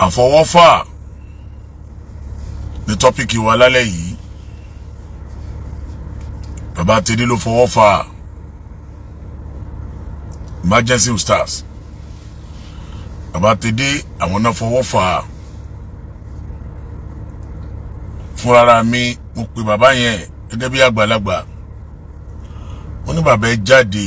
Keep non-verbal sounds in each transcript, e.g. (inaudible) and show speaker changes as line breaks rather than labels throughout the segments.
A ní tọ́píkì wa lálẹ́ yìí bàbá tẹ́lẹ̀ ló fọwọ́ fà emergency stars bàbá tẹ́lẹ̀ àwọn náà fọwọ́ fà fúnra mi mo pe bàbá yẹn gẹ́gẹ́ bí àgbàlagbà mo ní bàbá ẹ jáde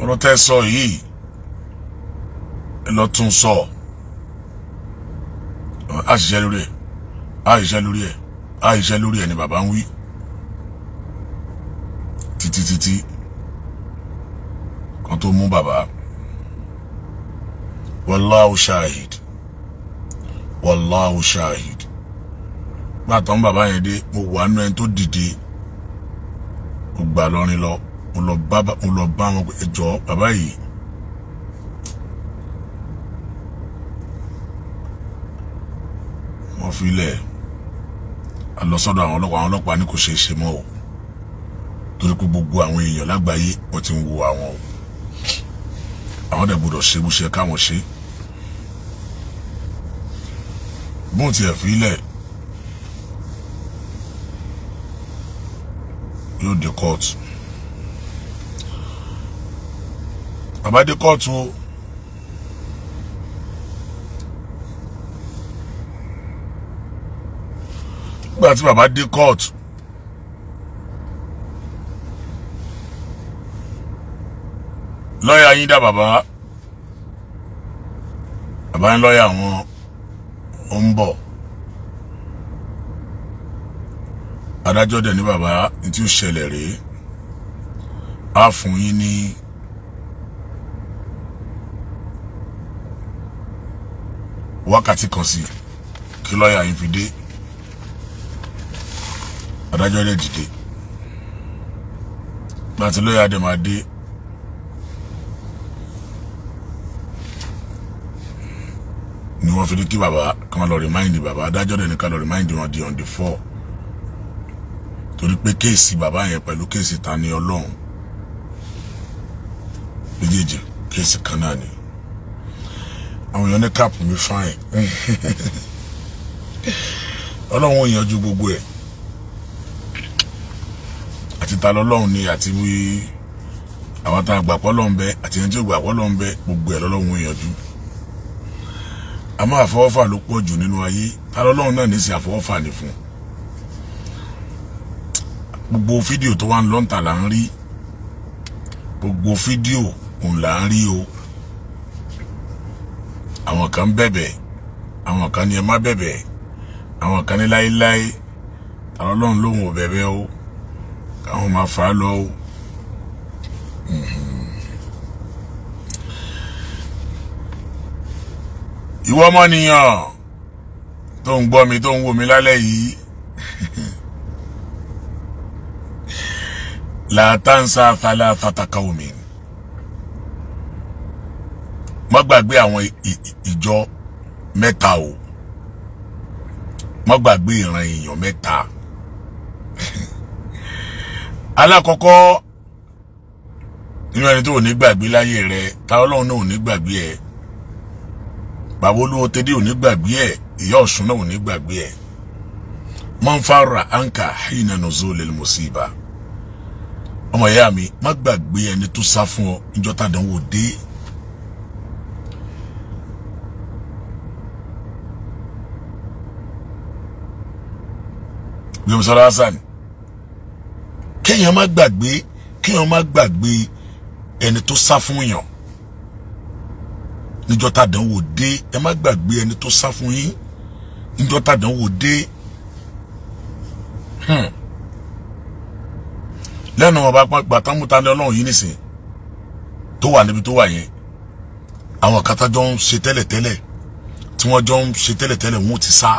ọ̀rọ̀ tẹ́ sọ yìí ẹ lọ tún sọ. So a ṣiṣẹ́ lórí ẹ̀ a ṣiṣẹ́ lórí ẹ̀ a ṣiṣẹ́ lórí ẹ̀ ni bàbá ń wí títí títí kan tó mú bàbá wallahu shahid wallahu shahid gbàtàn bàbá yẹn dé mo wà nínú ẹni tó dìde mo gbà lọrin lọ mo lọ bá wọn pé ẹ jọ bàbá yìí wọ́n filẹ̀ a lọ sọ́dọ̀ àwọn ọlọ́pàá àwọn ọlọ́pàá ní kò ṣeé ṣe mọ́ o torí pé gbogbo àwọn èèyàn lágbàáyé wọ́n ti ń wo àwọn o àwọn dẹ̀ gbọ́dọ̀ ṣe bó ṣe káwọn ṣe bóun tiẹ̀ filẹ̀ yóò dé kóòtù bàbá dé kóòtù o. nígbà tí bàbá dé kóòtù lọ́ọ̀yà yín dá bàbá bàbá ń lọ́ọ̀yà wọn ó ń bọ̀ adájọ́ dẹ̀ ní bàbá ní tí ó ṣẹlẹ̀ rèé á fún yín ní wákàtí kan sí kí lọ́ọ̀yà yín fi dé adájọ́ dẹ̀ dìde láti lóye àdèmàdé ni wọ́n fi ní kí bàbá kan lọ rìmáìndì bàbá adájọ́ dẹ̀ ní ká lọ rìmáìndì wọn di on the four torí pé kéèsì bàbá yẹn pẹ̀lú kéèsì Tani Olohun méjèèjì kéèsì kan náà ni àwọn èèyàn ní káàpù mi fáìn (laughs) ọlọ́run ò yanjú gbogbo ẹ̀ ta lọ́lọ́run ni àti wí àwọn tá a gbà pọ́ lọ́n bẹ àti ẹni tí ó gbà pọ́ lọ́n bẹ gbogbo ẹ̀ lọ́lọ́run yanjú a máa àfọwọ́fà ló pọ̀ jù nínú ayé ta lọ́lọ́run náà ní í ṣe àfọwọ́fà ní fún gbogbo fídíò tó wà ń lọ́ǹtà là ń rí gbogbo fídíò òun là ń rí o àwọn kan ń bẹ̀bẹ̀ àwọn kan ní ẹ má bẹ̀bẹ̀ àwọn kan ní láéláé ta lọ́lọ́run lòun ò bẹ̀bẹ̀ o káwọn máa fà á lọ o. ìwọ ọmọnìyàn tó ń gbọ́ mi tó ń wò mí lálẹ́ yìí làtàǹsà fàlà fàtàkà omi má gbàgbé àwọn ìjọ mẹ́ta o má gbàgbé ìran èèyàn mẹ́ta alákọ̀ọ́kọ́ nínú ẹni tó ò ní gbàgbé láyé rẹ ta ọlọ́run náà ò ní gbàgbé ẹ bàbá olówó tẹ́dí ò ní gbàgbé ẹ ìyá ọ̀ṣun náà ò ní gbàgbé ẹ mọ́nfàrà anka hìnà nùzó lè mùsíbà ọmọ ìyá mi má gbàgbé ẹni tó sá fún ọ níjọ́ tàdánwò dé. bí mo sọ lọ́wọ́ sáà kéèyàn má gbàgbé kéèyàn má gbàgbé ẹni tó sá fún yàn níjọ́ tàdánwò dé ẹ má gbàgbé ẹni tó sá fún yín níjọ́ tàdánwò dé hmm. lẹ́nu ọba gbàtán mútani ọlọ́run yìí nìsín tó wà níbi tó wà yẹn àwọn kan ń ṣe tẹ́lẹ̀tẹ́lẹ̀ tí wọ́n jọ ń ṣe tẹ́lẹ̀tẹ́lẹ̀ wọn ti sá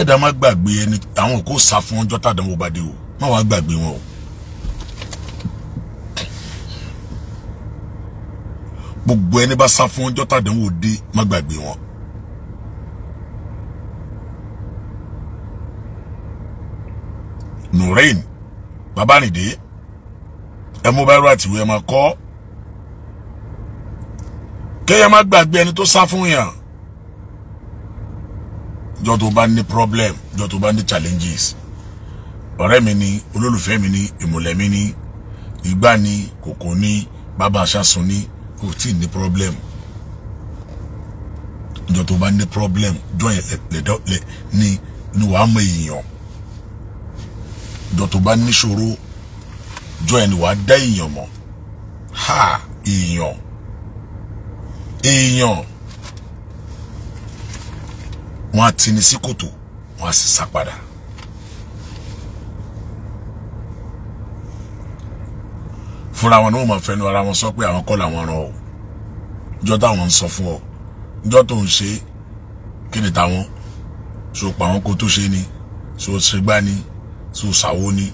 kẹ́dà má gbàgbé ẹni àwọn òkú sá fún ọjọ́ tàdánwò bá dé o má wàá gbàgbé wọn o. gbogbo ẹni bá sá fún ọjọ́ tàdánwò dé má gbàgbé wọn. Nurain Babarinde ẹ mú báyìí rà tìwé ẹ máa kọ́ kéèyàn má gbàgbé ẹni tó sá fún yàn jọ́ tó bá ní problem jọ́ tó bá ní challenges ọ̀rẹ́ mi ni olólùfẹ́ mi ni ìmùlẹ̀ mi ni ìgbà ni kòkó ni bàbá aṣáṣun ni kò tí ní problem jọ́ tó bá ní problem jọ́ yẹn lẹ́dọ́lẹ́ ni ni wàá mọ èèyàn jọ́ tó bá níṣòro jọ́ yẹn ni wàá dá èèyàn mọ̀ ha èèyàn èèyàn wọ́n á tini sí kòtò wọ́n á sì sá padà. fúnra wọn ni wọ́n máa fẹnu ara wọn sọ pé àwọn kọ́ làwọn ràn ọ́ ìjọ táwọn ń sọ fún ọ ìjọ tó ń ṣe kí ni táwọn so pa àwọn kó tó ṣe ni so ṣègbà ni so ṣàwo ni.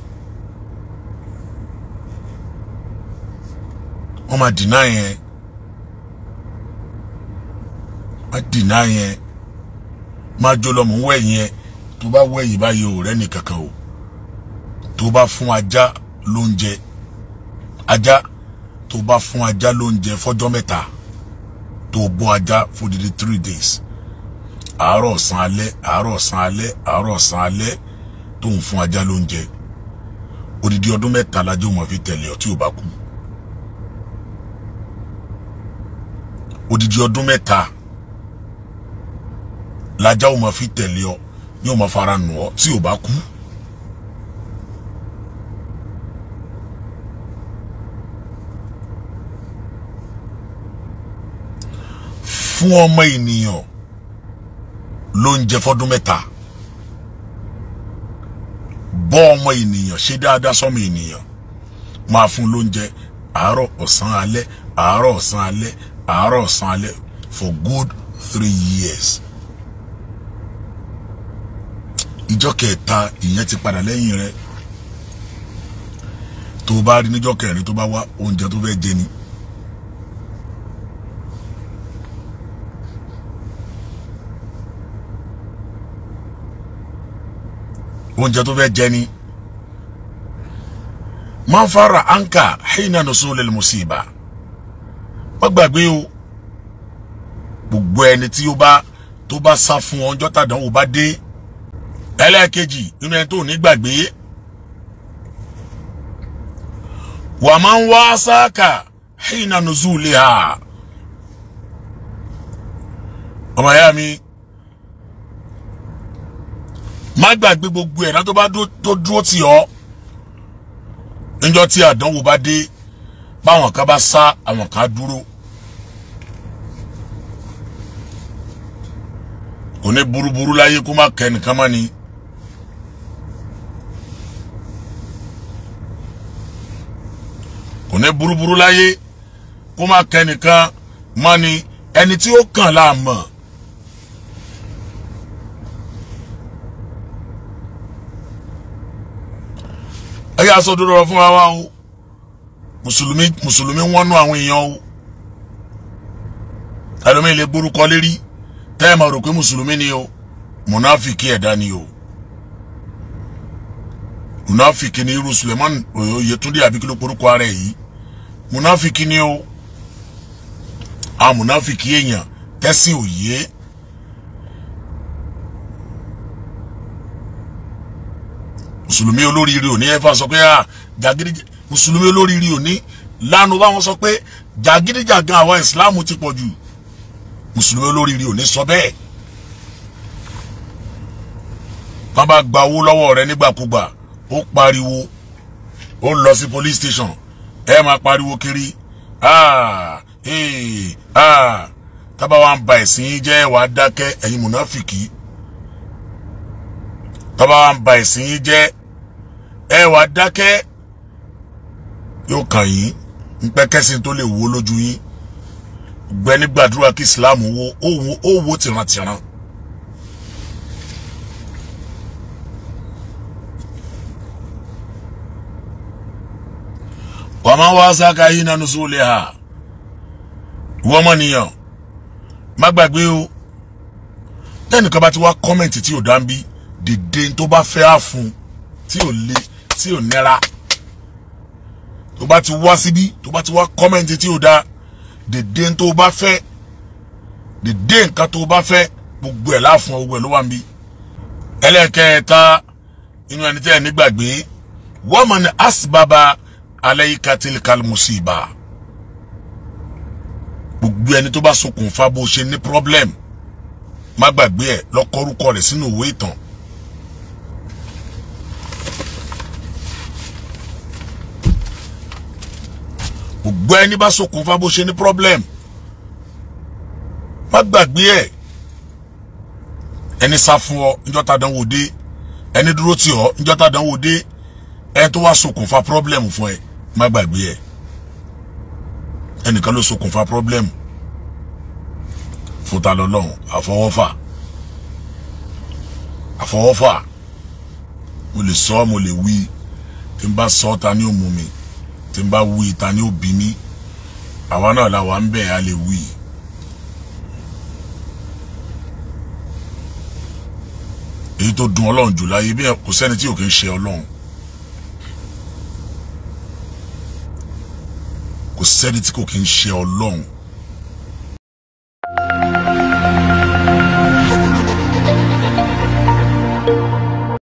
wọ́n máa dìnnà yẹn wọ́n á dìnnà yẹn máa jó lọ mò ń wẹ̀yìn ẹ tó bá wẹ̀yìn báyìí ò rẹ́ni kankan o tó bá fún ajá lóúnjẹ ajá tó bá fún ajá lóúnjẹ fọ́jọ́ mẹ́ta tó bọ́ ajá fódìdí three days àárọ̀ ọ̀sán alẹ́ àárọ̀ ọ̀sán alẹ́ àárọ̀ ọ̀sán alẹ́ tó ń fún ajá lóúnjẹ odidi ọdún mẹ́ta lajó mọ̀ fi tẹ̀lé ọtí ò bá kú odidi ọdún mẹ́ta lajá ò ma fi tẹ̀lé ọ ni ò máa fara nù ọ tí ò bá kú. fún ọmọ ènìyàn ló ń jẹ fọdún mẹ́ta bọ́ ọmọ ènìyàn ṣe dáadáa sọ́mọ ènìyàn máa fún lóúnjẹ àárọ̀ ọ̀sán alẹ́ àárọ̀ ọ̀sán alẹ́ àárọ̀ ọ̀sán alẹ́ for good three years. ìjọ kẹta ìyẹn ti padà lẹ́yìn rẹ tó bá rí níjọ kẹrin tó bá wá oúnjẹ tó fẹ́ jẹ ni. oúnjẹ tó fẹ́ jẹ ni man fara anka hina nusulil musiba wọ́n gbàgbé o gbogbo ẹni tí ó bá tó bá sá fún ọjọ́ tàdánwò bá dé. ẹlẹ́ẹ̀kejì inú ẹni tó ní gbàgbé wà máa ń wá sáàkà hìnà ha ọmọ ìyá mi má gbàgbé gbogbo bá dúró tì ọ́ níjọ́ tí àdánwò bá dé báwọn kan bá sá àwọn kan dúró. ni. kò ní burúburú láyé kó má kẹ́nìkan mọ́ ni ẹni tí ó kàn láà mọ̀. ẹ yà sọ dúró fún wa wá o mùsùlùmí mùsùlùmí wọ́n nú àwọn èèyàn o ẹlòmíì lè gbórúkọ lérí tẹ́ ẹ̀ máa rò pé mùsùlùmí ni o mùnáfìkì ẹ̀dá ni o mùnáfìkì ni irú Suleiman Oyètúndé àbíkí porúkọ ara ẹ̀ yìí mùnáfìkì ni o a mùnáfìkì èèyàn tẹ́sìn òye. mùsùlùmí olóríire òní ẹ̀fà sọ pé jàgídí mùsùlùmí olóríire òní lánàá báwọn sọ jagiri jàgídíjàgan àwa ìsìláàmù ti pọ̀ jù mùsùlùmí olóríire òní sọ bẹ́ẹ̀ bá bá gba owó lọ́wọ́ rẹ nígbàkúgbà ó pariwo ó lọ sí police station ẹ máa pariwo kiri ah ee eh, ah tábà wá ń ba ẹ̀sìn yín jẹ́ wàá dákẹ́ ẹ̀yin mùnáfìkì tábà wá ń ba ẹ̀sìn yín jẹ́ ẹ wàá dákẹ́ yóò kàn yín ń pẹ́ kẹ́sìn tó lè wo lójú yín gbẹ nígbàdúrà kí Islam wo ó wo ó wo tìrantìran wàmà wà sáka yìí nanu sóòlì ha wọ́n mọ̀ nìyàn má gbàgbé o tẹ́nìkan bá ti wá kọ́mẹ̀ntì tí ò dá ń bí dìde tó bá fẹ́ á fún tí ò le tí ò nira tó bá ti wá síbí tó bá ti wá kọ́mẹ̀ntì tí ò dá dìde tó to fẹ́ dìde nǹkan tó bá fẹ́ gbogbo ẹ̀ láàfún ọ gbogbo ẹ̀ ló wà ń bí ẹlẹ́kẹ̀ẹ́ta inú ẹni tẹ́ ẹ̀ nígbàgbé wọ́n mọ̀ ní asibaba alayka tilkal musiba gbogbo ẹni tó bá ṣokùnfà bó ṣe ní problem má gbàgbé ẹ lọ kọ orúkọ rẹ̀ sínú ìwé ìtàn gbogbo ẹni bá ṣokùnfà bó ṣe ní problem má gbàgbé ẹ ẹni sá fún ọ níjọ́ tá dánwò dé ẹni dúró tì ọ níjọ́ dánwò dé ẹni tó wá ṣokùnfà problem fún ẹ má gbàgbé ẹ̀ ẹnìkan ló ṣokùnfà problem fúta lọ́lọ́run àfọwọ́fà àfọwọ́fà mo lè sọ mo lè wí tí n bá sọ ta ni ó mú mi tí n bá wí ta ni ó bí mi àwa náà la wà ń bẹ̀ a lè wí. èyí tó dùn ọlọ́run jù láyé bí kò sẹ́ni tí ò kì í ṣe ọlọ́run sẹ́ni tí kò kí ń ṣe ọlọ́run